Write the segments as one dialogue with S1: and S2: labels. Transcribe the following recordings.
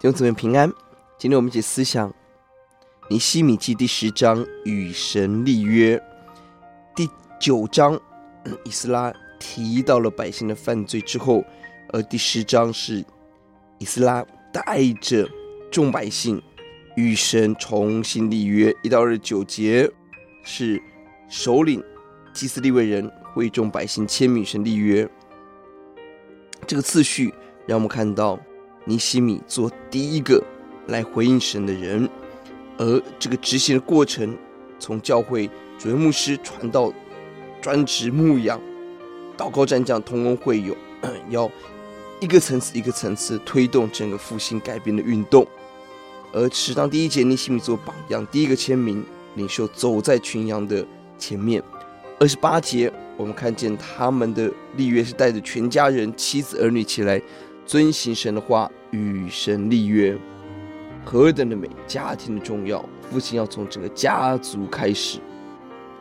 S1: 弟兄姊妹平安，今天我們一起思想尼希米記第十章與神立約。第九章以斯拉提到了百姓的犯罪之後，而第十章是以斯拉帶着眾百姓與神重新立約。一到二十九節是首領祭司利未人為眾百姓簽名神立約，這個次序讓我們看到。尼希米做第一個來回應神的人，而這個執行的過程，從教會主任牧師傳到專職牧養，禱告、戰將、同工會友，要一個層次一個層次推動整個復興改變的運動。而十章第一節，尼希米做榜樣，第一個簽名領袖走在群羊的前面。二十八節，我們看見他們的立約是帶着全家人、妻子兒女起來。遵行神的話，與神立約，何等的美！家庭的重要，復興要從整個家族開始。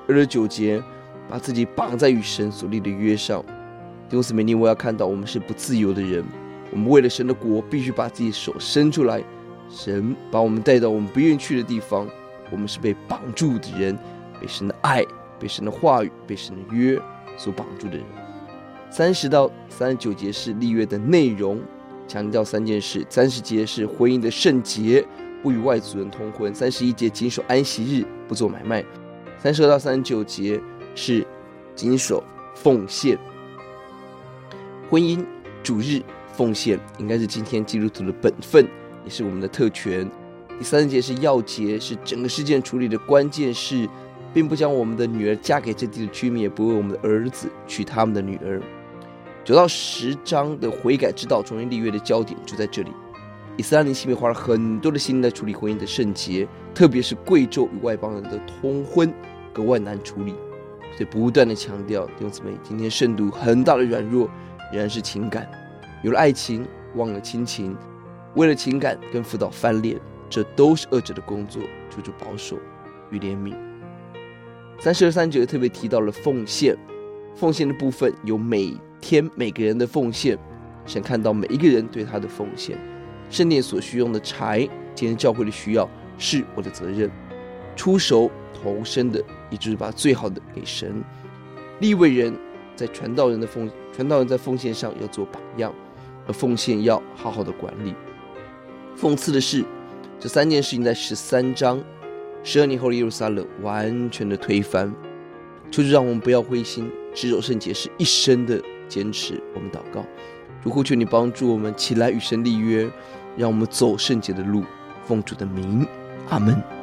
S1: 二十九節，把自己綁在與神所立的約上。弟兄姊妹，今天我要看到，我們是不自由的人。我們為了神的國，必須把自己的手伸出來。神把我們帶到我們不願意去的地方，我們是被綁住的人，被神的愛，被神的話語，被神的約所綁住的人。三十到三十九節是立約的內容，強調三件事：三十節是婚姻的聖潔，不與外族人通婚；三十一節謹守安息日，不做買賣；三十二到三十九節是謹守奉獻。婚姻、主日、奉獻應該是今天基督徒的本分，也是我們的特權。第三十節是鑰節，是整個事件處理的關鍵事，是並不將我們的女兒嫁給這地的居民，也不為我們的兒子娶他們的女兒。九到十章的悔改之道、重新立約的焦點就在這裡。以斯拉尼希米花了很多的心來處理婚姻的聖潔，特別是貴胄與外邦人的通婚格外難處理，所以不斷的強調：弟兄姊妹，今天聖徒很大的軟弱，仍然是情感，有了愛情忘了親情，為了情感跟輔導翻臉，這都是惡者的工作，求主保守與憐憫。三十二三節特別提到了奉獻，奉獻的部分有每。天每個人的奉獻，神看到每一個人對他的奉獻。聖殿所需用的柴，今天教會的需要是我的責任。初熟頭生的，也就是把最好的給神。利未人在傳道人的奉，傳道人在奉獻上要做榜樣，而奉獻要好好的管理。諷刺的是，這三件事情在十三章，十二年後的耶路撒冷完全的推翻。求主讓我們不要灰心，持守聖潔是一生的。堅持，我們禱告，主呼求你幫助我們起來與神立約，讓我們走聖潔的路，奉主的名，阿門。